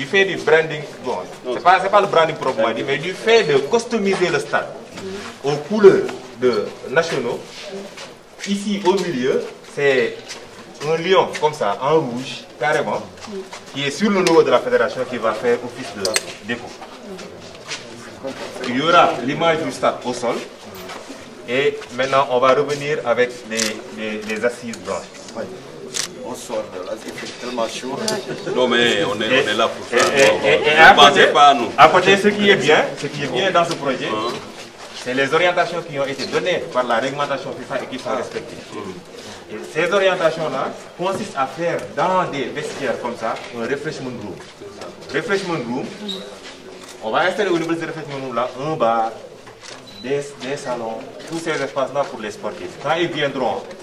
du fait du branding, bon, mais du fait de customiser le stade aux couleurs de nationaux, ici au milieu, c'est un lion comme ça, en rouge, carrément, qui est sur le logo de la fédération qui va faire office de dépôt. Il y aura l'image du stade au sol, et maintenant on va revenir avec les, assises blanches. on sort de là, Non mais on est, et, on est là pour ça. ne pensez pas à nous. À côté, ce qui dans ce projet, hein? c'est les orientations qui ont été par la réglementation FIFA et qui sont respectées. Mm. Et ces orientations-là consistent faire dans des vestiaires comme ça un refreshment room. Refreshment room, on va installer au niveau de ce refreshment room là un tous ces espaces-là pour les sportifs. Quand ils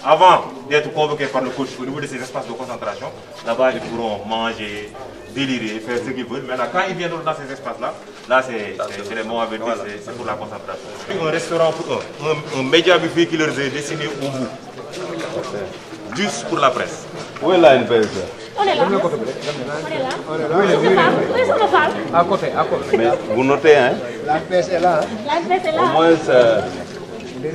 avant d'être convoqués par le coach au niveau ces espaces de concentration, là-bas, ils pourront manger, délirer, faire ce qu'ils veulent. Maintenant, quand ils viendront dans ces espaces-là, là, là c'est les mots à venir, pour la concentration. Un restaurant pour eux, un, un, média buffet qui leur est destiné pour la presse. Où est là une presse on est là. On est là. On est là. Oui, oui, oui. À côté, à côté. Mais vous notez, hein La presse est là. La presse est là. Au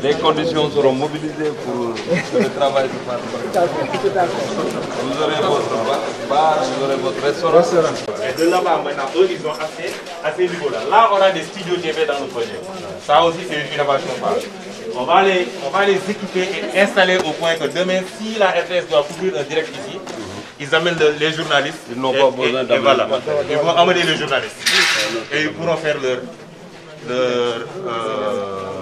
les conditions seront mobilisées pour que le travail se fasse. Tout à fait, tout à fait. Vous aurez votre bar, vous aurez votre restaurant. Et de là-bas, maintenant, eux, ils ont accès à ces niveaux-là. Là, on a des studios TV dans le projet. Ça aussi, c'est une innovation. On va, les, on va les équiper et installer au point que demain, si la RTS doit couvrir un direct ici, ils amènent le, les journalistes. Ils n'ont pas besoin d'amener. Voilà. Ils vont amener les journalistes. Et ils pourront faire leur. leur euh,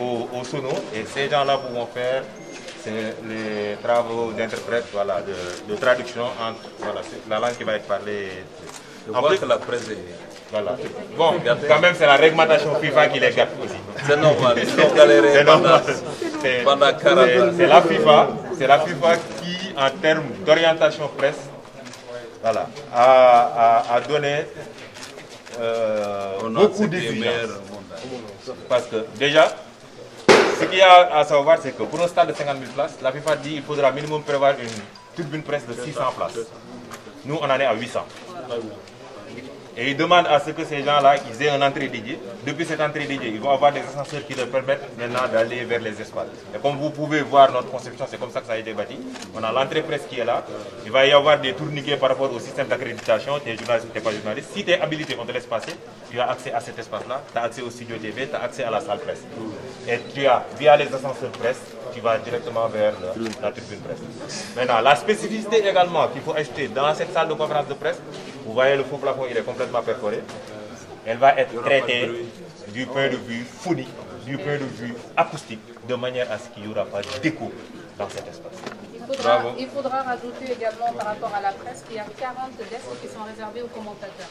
au, au Sono. Et ces gens-là pourront faire les travaux d'interprète, de, traduction entre la langue qui va être parlée. en plus, Bon, quand même, c'est la réglementation FIFA qui les gâte aussi. C'est la FIFA, qui, en termes d'orientation presse, a, a, a donné euh, beaucoup d'exigence. Parce que déjà, la FIFA dit qu'il faudra minimum prévoir une tribune presse de 600 places. Nous, on en est à à ce que ces gens-là, ils aient entrée dédiée. Depuis cette entrée dédiée, ils vont avoir des ascenseurs qui leur permettent maintenant d'aller vers les espaces. Et comme pouvez voir notre conception, c'est comme ça que ça a été On a l'entrée presse qui est là. Il va y avoir des tourniquets par rapport au système d'accréditation. Tu es journaliste, journaliste. Si tu Et tu as, via euh, la tribune presse. Maintenant, la spécificité également qu'il faut acheter dans cette salle de conférence de presse, vous voyez le faux plafond, il est complètement perforé. Elle va être traitée du point de vue phonique, du point de vue acoustique, de manière qu'il n'y aura pas d'écho dans cet espace. Il faudra, rajouter également par rapport à la presse qu'il y a 40 qui sont réservés aux commentateurs.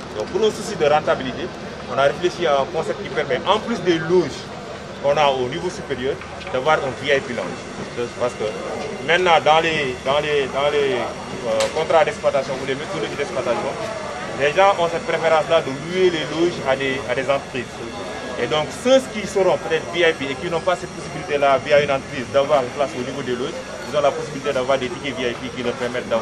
Donc pour un souci de rentabilité, on a réfléchi à un concept qui permet, en plus des loges qu'on a au niveau supérieur, d'avoir un VIP lounge. Parce que maintenant, dans les, dans les, dans les euh, contrats d'exploitation ou les méthodologies d'exploitation, les gens ont cette préférence-là de louer les à des, à Et donc ceux qui seront peut VIP et qui n'ont pas cette possibilité via une entreprise d'avoir une place au niveau des loges, ils ont la possibilité d'avoir des de ce VIP lounge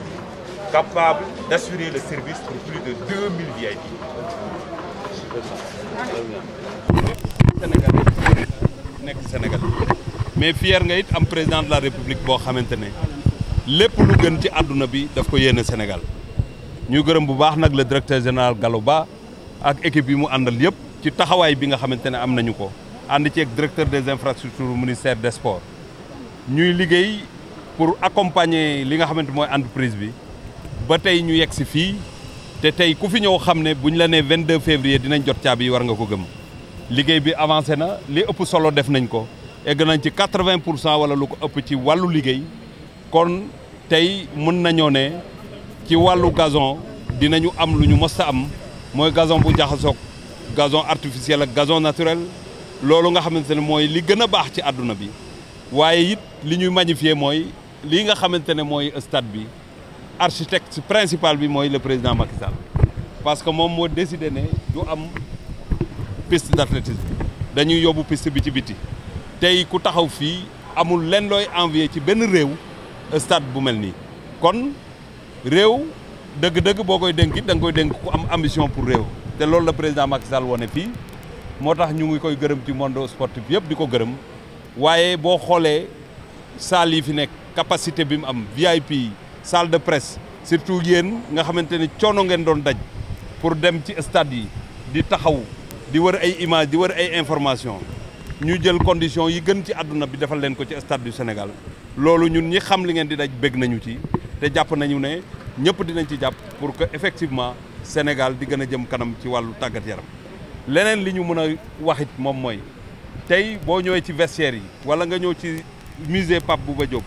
capable d'assurer le service pour plus Sénégal mais fier nga it am président de la république boo xamante ne lépp lu gën ci àdduna bi daf ko yéene Sénégal ñuy gërëm bu baax nag la directeur général galo Ba ak équipe yi mu àndal yëpp ci taxawaay bi nga xamante ne am nañu ko ànd ci ak directeur des infrastructures ministère des sports ñuy liggéey pour accompagner li nga xamante mooy entreprise bi ba tey ñu yegg si fii te tey ku fi ñëw xam ne bu ñu la nee 22 février dinañ jot caabi war nga ko gëm liggéey bi avancé na li ëpp solo def nañ ko egg nañ ci 80 pour cent wala lu ko ëpp ci wàllu liggéey kon tey mën nañoo ne ci wàllu gazon dinañu am lu ñu mosta am mooy gazon bu jaxasoog gazon artificiel ak gazon naturel loolu nga xamante ne mooy li gën a baax ci àdduna bi waaye it li ñuy magnifier mooy lii nga xamante ne mooy stade bi architecte principal bi mooy le président Macky Sall parce que moom moo décidé ne du am piste d'athlétisme dañuy yóbbu piste bi ci biti tey ku taxaw fii amul lenn looy envier ci benn réew stade bu mel nii kon réew dëgg-dëgg boo koy dénk it da nga koy dénk ku am ambition pour réew te loolu la président Macky Sall wone fii moo tax ñu ngi koy gërëm ci monde sportif yëpp di ko gërëm waaye boo xoolee salle yi fi nekk capacité bi mu am VIP salle de presse surtout yéen nga xamante ni coono ngeen doon daj pour dem ci stade yi di taxaw di wër ay image di wër ay information ñu jël condition yi gën ci àdduna bi defal leen ko ci stade du Sénégal loolu ñun ñi xam li ngeen di daj bég nañu ci te jàpp nañu ne ñëpp dinañ ci jàpp pour que effectivement Sénégal di gën a jëm kanam ci wàllu tàggat yaram leneen li ñu mën a waxit moom mooy tey boo ñëwee ci vestiaire yi wala nga ñëw ci musée Pape Bouba Diop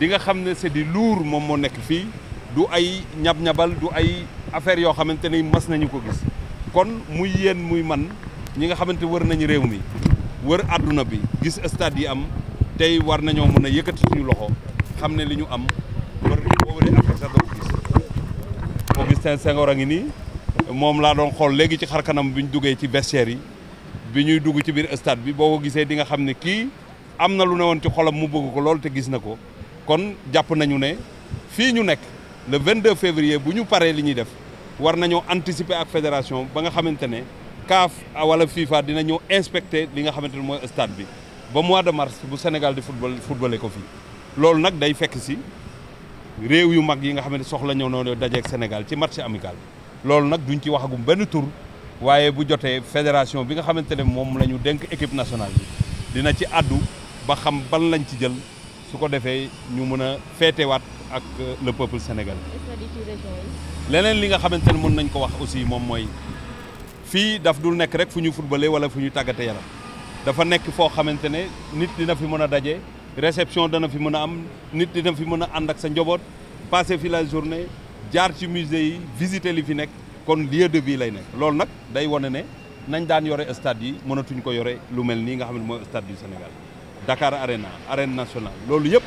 bi nga xam ne c'est du lourd moom moo nekk fii du ay ñab-ñabal du ay affaire yoo xamante ni mas nañu ko gis kon muy yéen muy man ñi nga xamante wër nañu réew mi wër àdduna bi gis stade yi am tey war nañoo mën a yëkkati suñu loxo xam ne li ñu am war boo wëree affaire sax doo gis Augustin Senghor a ngi nii moom laa doon xool léegi ci xarkanam bi ñu duggee ci vestiaire yi bi ñuy dugg ci biir stade bi boo ko gisee di nga xam ne kii am na lu ne woon ci xolam mu bëgg ko lool te gis na ko kon jàpp nañu ne fii ñu nekk le 22 février bu ñu paree li ñuy def war nañoo anticiper ak fédération ba nga xamante ne CAF wala FIFA dina ñëw inspecter li nga xamante ne mooy stade bi ba mois de mars bu Sénégal di football footballé ko fii loolu nag day fekk si réew yu mag yi nga ne soxla ñëw noonu dajeeg Sénégal ci match amical loolu nag duñ ci waxagum benn tur waaye bu jotee fédération bi nga xamante ne moom la ñu dénk équipe nationale bi dina ci àddu ba xam ban lañ ci jël su ko defee ñu mën a feetewaat ak euh, le peuple sénégalais. leneen li nga xamante ne mën nañ ko wax aussi moom mooy fii daf dul nekk rek fu ñu footballé wala fu ñu tàggate yaram dafa nekk foo xamante ne nit dina fi mën a daje réception dana fi mën a am nit dina fi mën a ànd ak sa njaboot passer fi la journée jaar ci musée yi visiter li fi nekk kon lieu de vie lay nekk loolu nag day wane ne nañ daan yore stade yi mënatuñ ko yore lu mel nii nga xam ne mooy stade du Dakar Arena arène nationale loolu yëpp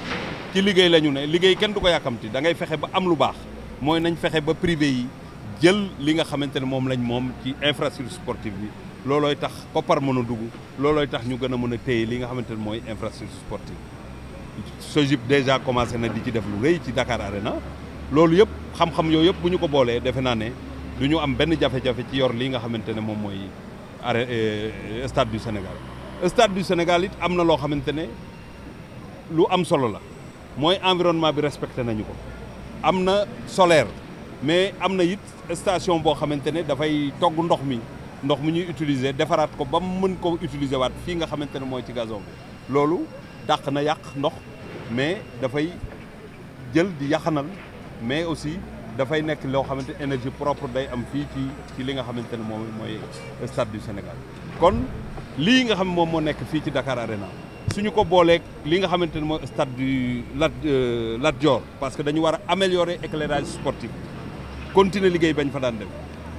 ci liggéey la ñu ne liggéey kenn du ko yàkkamti da fexe ba am lu baax mooy nañ fexe ba privé yi jël li nga xamante ne moom lañ moom ci infrastructure sportive bi loolooy tax koppar mën a dugg loolooy tax ñu gën a mën a téye li nga xamante ne mooy infrastructure sportive SOGIP déjà commencé na di ci def lu rëy ci Dakar Arena loolu yëpp xam-xam yooyu yëpp bu ñu ko boolee defe naa ne du ñu am benn jafe-jafe ci yor lii nga xamante ne moom mooy arrêt euh, stade Sénégal stade du Sénégal it am na loo xamante ne lu am solo la mooy environnement bi respecté nañu ko am na solaire mais am na it station boo xamante ne dafay togg ndox mi ndox mu ñuy utiliser defaraat ko ba mu mën ko utiliser waat fii nga xamante ne mooy ci gazon bi loolu dàq na yàq ndox mais dafay jël di yaxanal mais aussi dafay nekk loo xamante énergie propre day am fii ci ci li nga xamante ne moom mooy stade du Sénégal kon lii nga xam moom moo nekk fii ci Dakar Arena suñu ko booleek li nga xamante ne mooy stade du Lat euh, Lat Dior parce que dañu war a améliorer éclairage sportif continuer liggéey bañ fa daan dem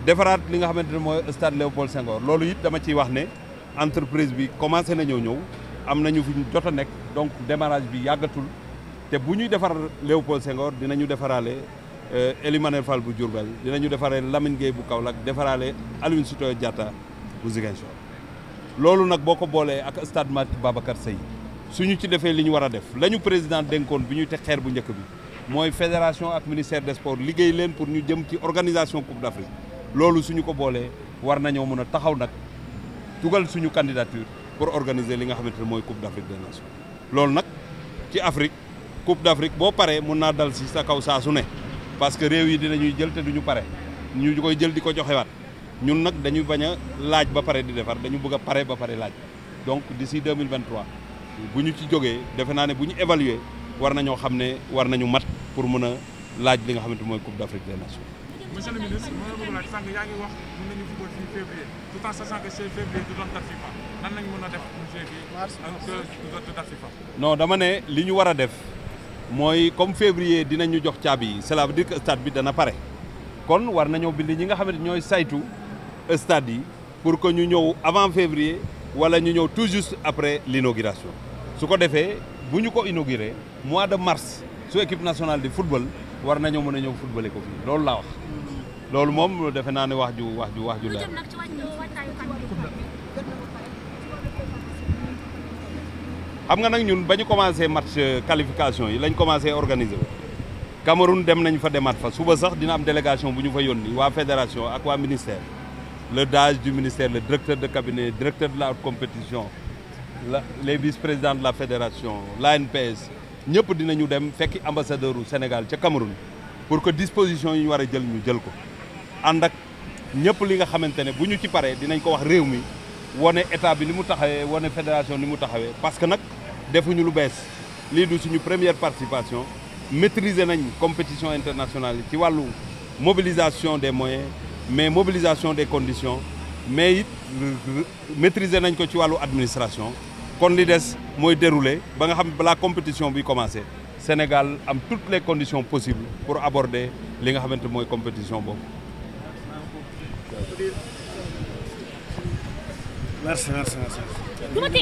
defaraat li nga xamante ne mooy stade Léopold Senghor loolu it dama ciy wax ne entreprise bi commencé nañoo ñëw am nañu fu ñu jot a nekk donc démarrage bi yàggatul te bu ñuy defar sengor dina ñu defaraale euh, Elimanel Fall bu Diourbel dinañu defaraale Lamine Gueye bu Kaolack defaraale Aline Sitoé Diatta bu Ziguinchor loolu nag boo ko boolee ak stade Malick Babacar Seye suñu ci defee li ñu war a def la ñu président dénkoon bi ñuy teg xeer bu njëkk bi mooy fédération ak ministère des sports liggéey leen pour ñu jëm ci organisation coupe d'Afrique loolu suñu ko boolee war nañoo mun a taxaw nag tugal suñu candidature pour organiser li nga xamante ne mooy coupe d'Afrique des nations loolu nag ci Afrique coupe d'Afrique boo paree mun naa dal si sa kaw saa su ne parce que réew yi dinañuy jël te duñu pare ñu koy jël di ko joxewaat ñun nag dañuy bañ a laaj ba pare di defar dañu bëgg a pare ba pare laaj donc d'ici 2023 bu ñu ci jógee defe naa ne bu ñu évaluer war nañoo xam ne war nañu mat pour mën a laaj li nga xamante mooy Coupe d'Afrique des Nations. na ko laaj en sachant mën a def pour dama ne li ñu war a def mooy comme février ñu jox caabi yi cela veut dire que bi dana pare kon war nañoo bind ñi nga xamante ñooy saytu. stade yi pour que ñu ñëw avant février wala ñu ñëw tout juste après l'inauguration su ko defee bu ñu ko inauguré mois de mars su équipe nationale de football war nañoo mën a ñëw footballé ko fii loolu laa wax loolu moom defe naa ne wax ju wax ju wax ju la xam nga nag ñun ba ñu commencé match euh, qualification yi lañ commencé organiser ba Cameroun dem nañ fa demat fa suba sax dina am délégation bu ñu fa yónni waa fédération ak waa ministère le DAGE du ministère, le directeur de cabinet, le directeur de la haute compétition, la, les vice-présidents de la fédération, l'ANPS, ñëpp dinañu dem fekki ambassadeur u Sénégal ca Cameroun pour que disposition yi ñu war a jël ñu jël ko ànd ak ñëpp li nga xamante ne bu ñu ci paree dinañ ko wax réew mi wane état bi ni mu taxawee wane fédération ni mu taxawee parce que nag defuñu lu bees lii du suñu première participation maîtriser nañ compétition internationale yi ci wàllu mobilisation des moyens mais mobilisation des conditions mais it maîtriser nañ ko ci wàllu administration kon li des mooy dérouler ba nga xam balaa compétition bi commencé Sénégal am toutes les conditions possibles pour aborder li nga xamante mooy compétition boobu. merci